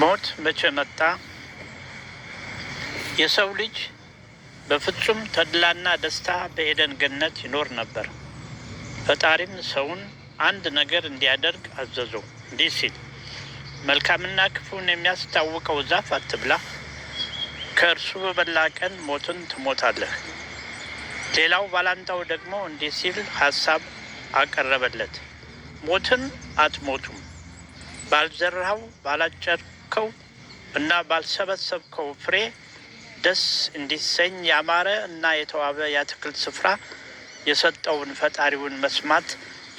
ሞት መቼ መጣ? የሰው ልጅ በፍጹም ተድላና ደስታ በኤደን ገነት ይኖር ነበር። ፈጣሪም ሰውን አንድ ነገር እንዲያደርግ አዘዘው እንዲህ ሲል መልካምና ክፉን የሚያስታውቀው ዛፍ አትብላ፣ ከእርሱ በበላ ቀን ሞትን ትሞታለህ። ሌላው ባላንጣው ደግሞ እንዲህ ሲል ሀሳብ አቀረበለት፣ ሞትን አትሞቱም፣ ባልዘራው ባላጨር ባልተከልከው እና ባልሰበሰብከው ፍሬ ደስ እንዲሰኝ ያማረ እና የተዋበ የአትክልት ስፍራ የሰጠውን ፈጣሪውን መስማት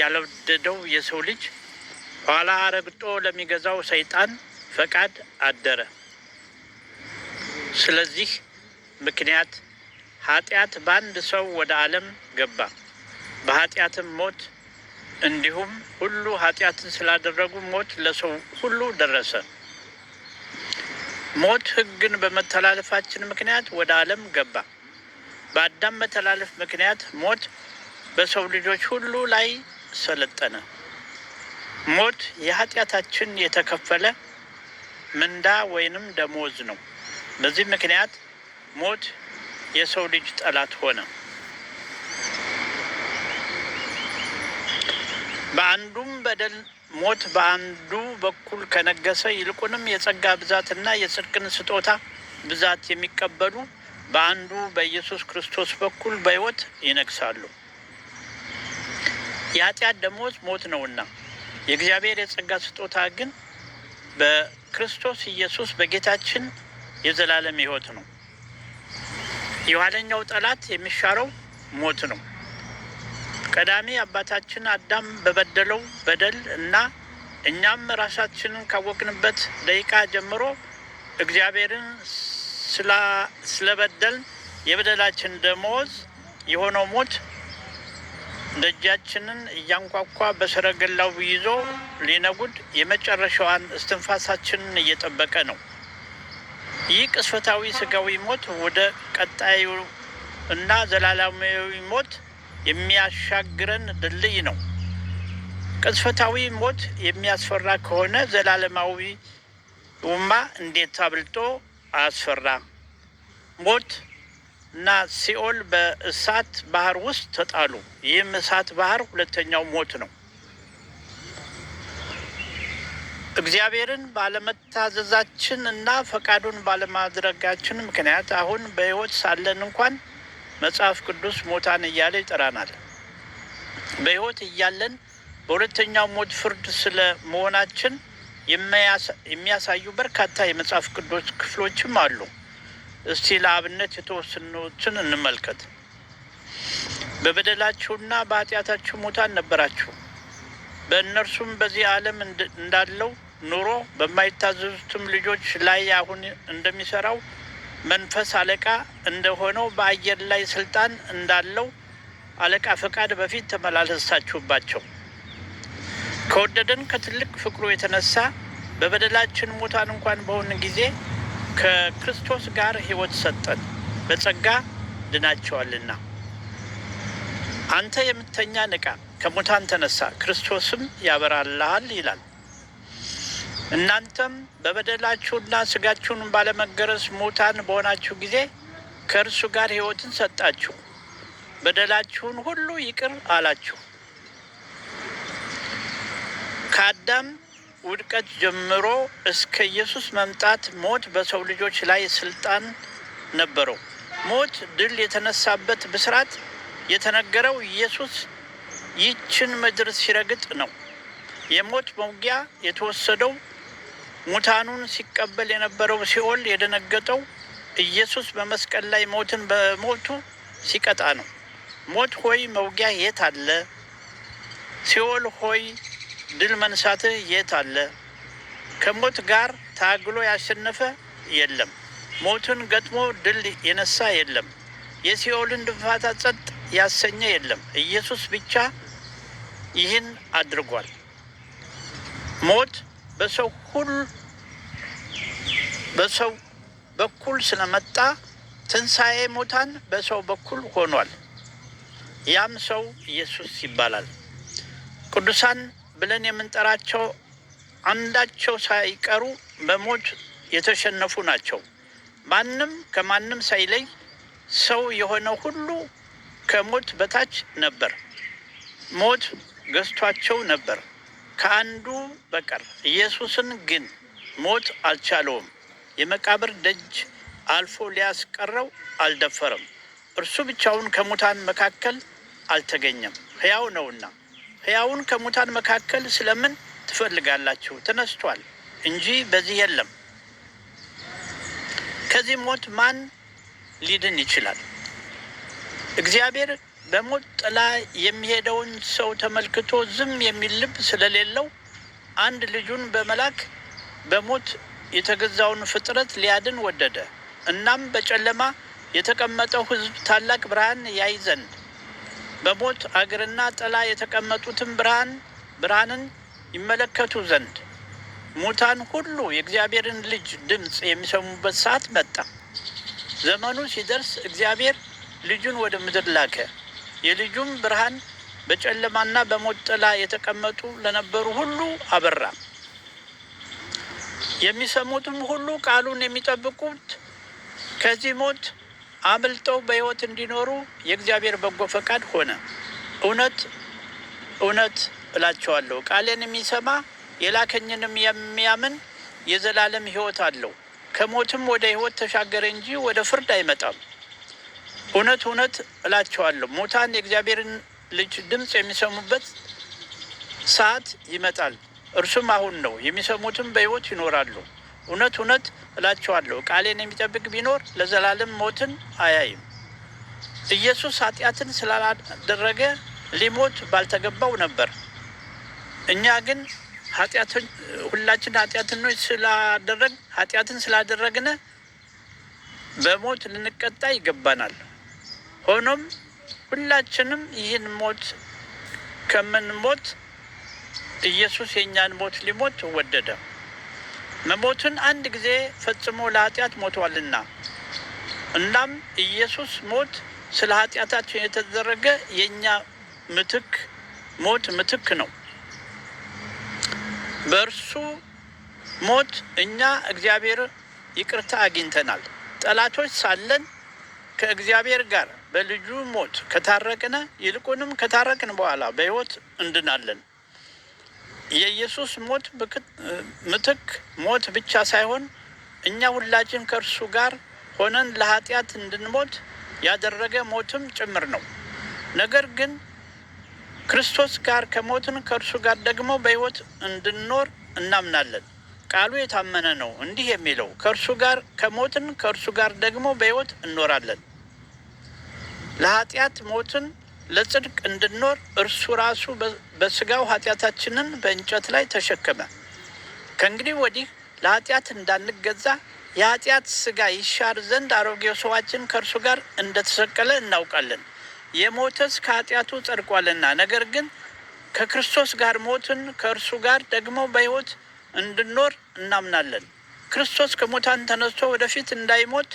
ያልወደደው የሰው ልጅ ኋላ አረግጦ ለሚገዛው ሰይጣን ፈቃድ አደረ። ስለዚህ ምክንያት ኃጢአት በአንድ ሰው ወደ ዓለም ገባ፣ በኃጢአትም ሞት እንዲሁም ሁሉ ኃጢአትን ስላደረጉ ሞት ለሰው ሁሉ ደረሰ። ሞት ሕግን በመተላለፋችን ምክንያት ወደ ዓለም ገባ። በአዳም መተላለፍ ምክንያት ሞት በሰው ልጆች ሁሉ ላይ ሰለጠነ። ሞት የኃጢአታችን የተከፈለ ምንዳ ወይንም ደሞዝ ነው። በዚህ ምክንያት ሞት የሰው ልጅ ጠላት ሆነ። በአንዱም በደል ሞት በአንዱ በኩል ከነገሰ ይልቁንም የጸጋ ብዛትና የጽድቅን ስጦታ ብዛት የሚቀበሉ በአንዱ በኢየሱስ ክርስቶስ በኩል በሕይወት ይነግሳሉ። የኃጢአት ደሞዝ ሞት ነውና የእግዚአብሔር የጸጋ ስጦታ ግን በክርስቶስ ኢየሱስ በጌታችን የዘላለም ሕይወት ነው። የኋለኛው ጠላት የሚሻረው ሞት ነው። ቀዳሚ አባታችን አዳም በበደለው በደል እና እኛም ራሳችንን ካወቅንበት ደቂቃ ጀምሮ እግዚአብሔርን ስለበደል የበደላችን ደመወዝ የሆነው ሞት ደጃችንን እያንኳኳ በሰረገላው ይዞ ሊነጉድ የመጨረሻዋን እስትንፋሳችንን እየጠበቀ ነው። ይህ ቅስፈታዊ ስጋዊ ሞት ወደ ቀጣዩ እና ዘላለማዊ ሞት የሚያሻግረን ድልድይ ነው። ቅጽፈታዊ ሞት የሚያስፈራ ከሆነ ዘላለማዊ ውማ እንዴት አብልጦ አያስፈራ? ሞት እና ሲኦል በእሳት ባህር ውስጥ ተጣሉ። ይህም እሳት ባህር ሁለተኛው ሞት ነው። እግዚአብሔርን ባለመታዘዛችን እና ፈቃዱን ባለማድረጋችን ምክንያት አሁን በሕይወት ሳለን እንኳን መጽሐፍ ቅዱስ ሞታን እያለ ይጠራናል። በሕይወት እያለን በሁለተኛው ሞት ፍርድ ስለ መሆናችን የሚያሳዩ በርካታ የመጽሐፍ ቅዱስ ክፍሎችም አሉ። እስቲ ለአብነት የተወሰኑትን እንመልከት። በበደላችሁና በኃጢአታችሁ ሙታን ነበራችሁ፣ በእነርሱም በዚህ ዓለም እንዳለው ኑሮ በማይታዘዙትም ልጆች ላይ አሁን እንደሚሰራው መንፈስ አለቃ እንደሆነው በአየር ላይ ስልጣን እንዳለው አለቃ ፈቃድ በፊት ተመላለሳችሁባቸው። ከወደደን ከትልቅ ፍቅሩ የተነሳ በበደላችን ሙታን እንኳን በሆን ጊዜ ከክርስቶስ ጋር ሕይወት ሰጠን፣ በጸጋ ድናቸዋልና። አንተ የምተኛ ንቃ፣ ከሙታን ተነሳ፣ ክርስቶስም ያበራልሃል ይላል። እናንተም በበደላችሁና ስጋችሁን ባለመገረስ ሙታን በሆናችሁ ጊዜ ከእርሱ ጋር ሕይወትን ሰጣችሁ፣ በደላችሁን ሁሉ ይቅር አላችሁ። ከአዳም ውድቀት ጀምሮ እስከ ኢየሱስ መምጣት ሞት በሰው ልጆች ላይ ስልጣን ነበረው። ሞት ድል የተነሳበት ብስራት የተነገረው ኢየሱስ ይችን ምድር ሲረግጥ ነው። የሞት መውጊያ የተወሰደው ሙታኑን ሲቀበል የነበረው ሲኦል የደነገጠው ኢየሱስ በመስቀል ላይ ሞትን በሞቱ ሲቀጣ ነው። ሞት ሆይ መውጊያ የት አለ? ሲኦል ሆይ ድል መንሳትህ የት አለ? ከሞት ጋር ታግሎ ያሸነፈ የለም። ሞትን ገጥሞ ድል የነሳ የለም። የሲኦልን ድንፋታ ጸጥ ያሰኘ የለም። ኢየሱስ ብቻ ይህን አድርጓል። ሞት በሰው ሁሉ በሰው በኩል ስለመጣ ትንሣኤ ሙታን በሰው በኩል ሆኗል። ያም ሰው ኢየሱስ ይባላል። ቅዱሳን ብለን የምንጠራቸው አንዳቸው ሳይቀሩ በሞት የተሸነፉ ናቸው። ማንም ከማንም ሳይለይ ሰው የሆነ ሁሉ ከሞት በታች ነበር። ሞት ገዝቷቸው ነበር። ከአንዱ በቀር ኢየሱስን ግን ሞት አልቻለውም። የመቃብር ደጅ አልፎ ሊያስቀረው አልደፈረም። እርሱ ብቻውን ከሙታን መካከል አልተገኘም፣ ሕያው ነውና። ሕያውን ከሙታን መካከል ስለምን ትፈልጋላችሁ? ተነስቷል እንጂ በዚህ የለም። ከዚህ ሞት ማን ሊድን ይችላል? እግዚአብሔር በሞት ጥላ የሚሄደውን ሰው ተመልክቶ ዝም የሚል ልብ ስለሌለው አንድ ልጁን በመላክ በሞት የተገዛውን ፍጥረት ሊያድን ወደደ። እናም በጨለማ የተቀመጠው ሕዝብ ታላቅ ብርሃን ያይ ዘንድ በሞት አገርና ጥላ የተቀመጡትን ብርሃን ብርሃንን ይመለከቱ ዘንድ ሙታን ሁሉ የእግዚአብሔርን ልጅ ድምፅ የሚሰሙበት ሰዓት መጣ። ዘመኑ ሲደርስ እግዚአብሔር ልጁን ወደ ምድር ላከ። የልጁም ብርሃን በጨለማና በሞት ጥላ የተቀመጡ ለነበሩ ሁሉ አበራ። የሚሰሙትም ሁሉ ቃሉን የሚጠብቁት ከዚህ ሞት አምልጠው በሕይወት እንዲኖሩ የእግዚአብሔር በጎ ፈቃድ ሆነ። እውነት እውነት እላቸዋለሁ ቃሌን የሚሰማ የላከኝንም የሚያምን የዘላለም ሕይወት አለው፣ ከሞትም ወደ ሕይወት ተሻገረ እንጂ ወደ ፍርድ አይመጣም። እውነት እውነት እላቸዋለሁ ሙታን የእግዚአብሔርን ልጅ ድምፅ የሚሰሙበት ሰዓት ይመጣል፣ እርሱም አሁን ነው። የሚሰሙትም በሕይወት ይኖራሉ። እውነት እውነት እላቸዋለሁ ቃሌን የሚጠብቅ ቢኖር ለዘላለም ሞትን አያይም። ኢየሱስ ኃጢአትን ስላላደረገ ሊሞት ባልተገባው ነበር። እኛ ግን ሁላችን ኃጢአትን ስላደረግ ኃጢአትን ስላደረግነ በሞት ልንቀጣ ይገባናል። ሆኖም ሁላችንም ይህን ሞት ከምን ሞት ኢየሱስ የእኛን ሞት ሊሞት ወደደ። መሞቱን አንድ ጊዜ ፈጽሞ ለኃጢአት ሞቷልና እናም ኢየሱስ ሞት ስለ ኃጢአታችን የተደረገ የእኛ ምትክ ሞት ምትክ ነው። በእርሱ ሞት እኛ እግዚአብሔር ይቅርታ አግኝተናል። ጠላቶች ሳለን ከእግዚአብሔር ጋር በልጁ ሞት ከታረቅነ ይልቁንም ከታረቅን በኋላ በሕይወት እንድናለን። የኢየሱስ ሞት ምትክ ሞት ብቻ ሳይሆን እኛ ሁላችን ከእርሱ ጋር ሆነን ለኃጢአት እንድንሞት ያደረገ ሞትም ጭምር ነው። ነገር ግን ክርስቶስ ጋር ከሞትን ከእርሱ ጋር ደግሞ በሕይወት እንድንኖር እናምናለን። ቃሉ የታመነ ነው፣ እንዲህ የሚለው ከእርሱ ጋር ከሞትን ከእርሱ ጋር ደግሞ በሕይወት እንኖራለን። ለኃጢአት ሞትን ለጽድቅ እንድኖር እርሱ ራሱ በስጋው ኃጢአታችንን በእንጨት ላይ ተሸከመ። ከእንግዲህ ወዲህ ለኃጢአት እንዳንገዛ የኃጢአት ስጋ ይሻር ዘንድ አሮጌው ሰዋችን ከእርሱ ጋር እንደተሰቀለ እናውቃለን። የሞተስ ከኃጢአቱ ጸድቋልና፣ ነገር ግን ከክርስቶስ ጋር ሞትን ከእርሱ ጋር ደግሞ በሕይወት እንድኖር እናምናለን። ክርስቶስ ከሙታን ተነስቶ ወደፊት እንዳይሞት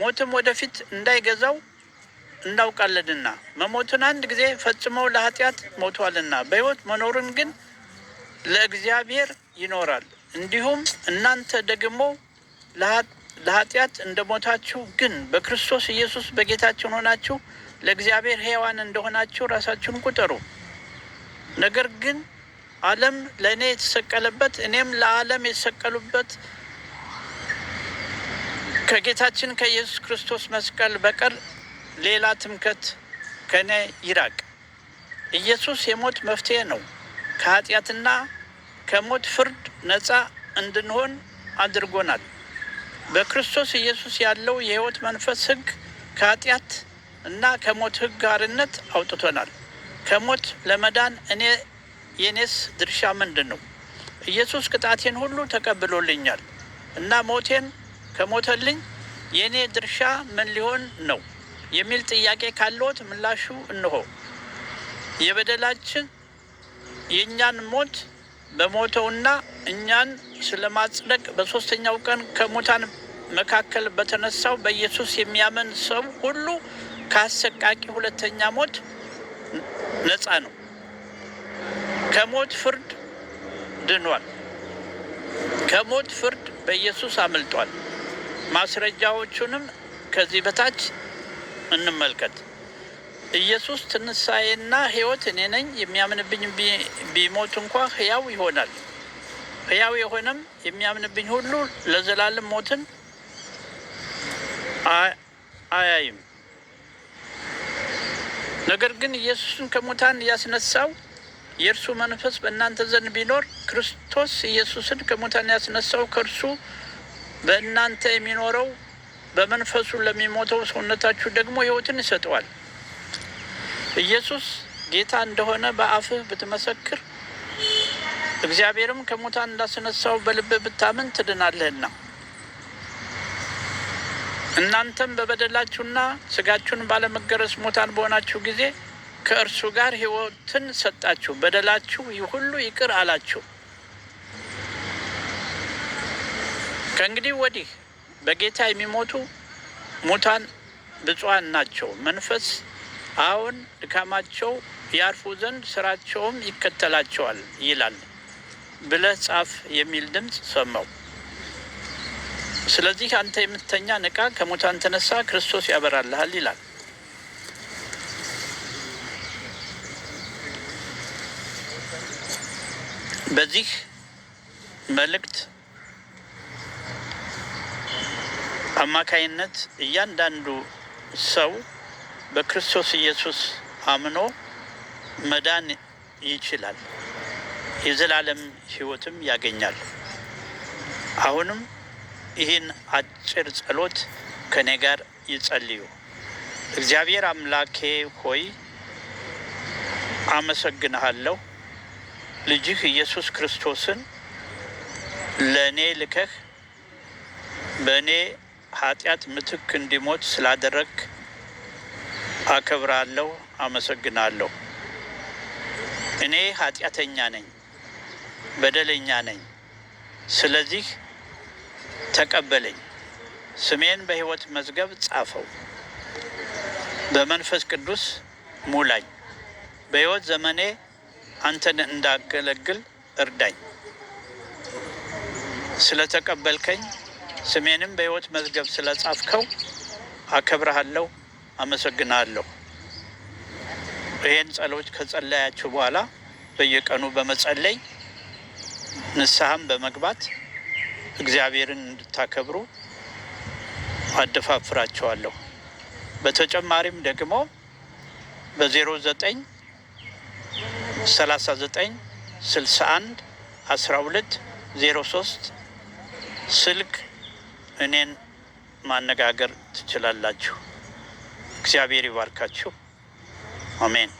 ሞትም ወደፊት እንዳይገዛው እናውቃለንና መሞትን አንድ ጊዜ ፈጽሞ ለኃጢአት ሞቷልና በሕይወት መኖርን ግን ለእግዚአብሔር ይኖራል። እንዲሁም እናንተ ደግሞ ለኃጢአት እንደ ሞታችሁ ግን በክርስቶስ ኢየሱስ በጌታችን ሆናችሁ ለእግዚአብሔር ሕያዋን እንደሆናችሁ ራሳችሁን ቁጠሩ። ነገር ግን ዓለም ለእኔ የተሰቀለበት እኔም ለዓለም የተሰቀሉበት ከጌታችን ከኢየሱስ ክርስቶስ መስቀል በቀር ሌላ ትምከት ከኔ ይራቅ። ኢየሱስ የሞት መፍትሄ ነው። ከኃጢአትና ከሞት ፍርድ ነፃ እንድንሆን አድርጎናል። በክርስቶስ ኢየሱስ ያለው የሕይወት መንፈስ ሕግ ከኃጢአት እና ከሞት ሕግ አርነት አውጥቶናል። ከሞት ለመዳን እኔ የኔስ ድርሻ ምንድን ነው? ኢየሱስ ቅጣቴን ሁሉ ተቀብሎልኛል እና ሞቴን ከሞተልኝ የእኔ ድርሻ ምን ሊሆን ነው? የሚል ጥያቄ ካለዎት ምላሹ እንሆ። የበደላችን የእኛን ሞት በሞተውና እኛን ስለማጽደቅ በሶስተኛው ቀን ከሙታን መካከል በተነሳው በኢየሱስ የሚያምን ሰው ሁሉ ከአሰቃቂ ሁለተኛ ሞት ነፃ ነው። ከሞት ፍርድ ድኗል። ከሞት ፍርድ በኢየሱስ አምልጧል። ማስረጃዎቹንም ከዚህ በታች እንመልከት። ኢየሱስ ትንሣኤና ሕይወት እኔ ነኝ፣ የሚያምንብኝ ቢሞት እንኳ ሕያው ይሆናል። ሕያው የሆነም የሚያምንብኝ ሁሉ ለዘላለም ሞትን አያይም። ነገር ግን ኢየሱስን ከሙታን ያስነሳው የእርሱ መንፈስ በእናንተ ዘንድ ቢኖር ክርስቶስ ኢየሱስን ከሙታን ያስነሳው ከእርሱ በእናንተ የሚኖረው በመንፈሱ ለሚሞተው ሰውነታችሁ ደግሞ ህይወትን ይሰጠዋል። ኢየሱስ ጌታ እንደሆነ በአፍህ ብትመሰክር እግዚአብሔርም ከሙታን እንዳስነሳው በልብህ ብታምን ትድናለህና እናንተም በበደላችሁና ስጋችሁን ባለመገረስ ሙታን በሆናችሁ ጊዜ ከእርሱ ጋር ህይወትን ሰጣችሁ፣ በደላችሁ ሁሉ ይቅር አላችሁ። ከእንግዲህ ወዲህ በጌታ የሚሞቱ ሙታን ብፁዓን ናቸው። መንፈስ አሁን ድካማቸው ያርፉ ዘንድ ስራቸውም ይከተላቸዋል ይላል ብለህ ጻፍ የሚል ድምፅ ሰማው። ስለዚህ አንተ የምትተኛ ንቃ፣ ከሙታን ተነሳ፣ ክርስቶስ ያበራልሃል ይላል። በዚህ መልእክት አማካይነት እያንዳንዱ ሰው በክርስቶስ ኢየሱስ አምኖ መዳን ይችላል፣ የዘላለም ሕይወትም ያገኛል። አሁንም ይህን አጭር ጸሎት ከእኔ ጋር ይጸልዩ። እግዚአብሔር አምላኬ ሆይ አመሰግንሃለሁ። ልጅህ ኢየሱስ ክርስቶስን ለእኔ ልከህ በእኔ ኃጢአት ምትክ እንዲሞት ስላደረግ አከብራለሁ፣ አመሰግናለሁ። እኔ ኃጢአተኛ ነኝ፣ በደለኛ ነኝ። ስለዚህ ተቀበለኝ፣ ስሜን በሕይወት መዝገብ ጻፈው፣ በመንፈስ ቅዱስ ሙላኝ፣ በሕይወት ዘመኔ አንተን እንዳገለግል እርዳኝ። ስለተቀበልከኝ ስሜንም በህይወት መዝገብ ስለጻፍከው አከብረሃለሁ፣ አመሰግናለሁ። ይህን ጸሎት ከጸለያችሁ በኋላ በየቀኑ በመጸለይ ንስሐም በመግባት እግዚአብሔርን እንድታከብሩ አደፋፍራቸዋለሁ። በተጨማሪም ደግሞ በዜሮ ዘጠኝ ሰላሳ ዘጠኝ ስልሳ አንድ አስራ ሁለት ዜሮ ሶስት ስልክ እኔን ማነጋገር ትችላላችሁ። እግዚአብሔር ይባርካችሁ። አሜን።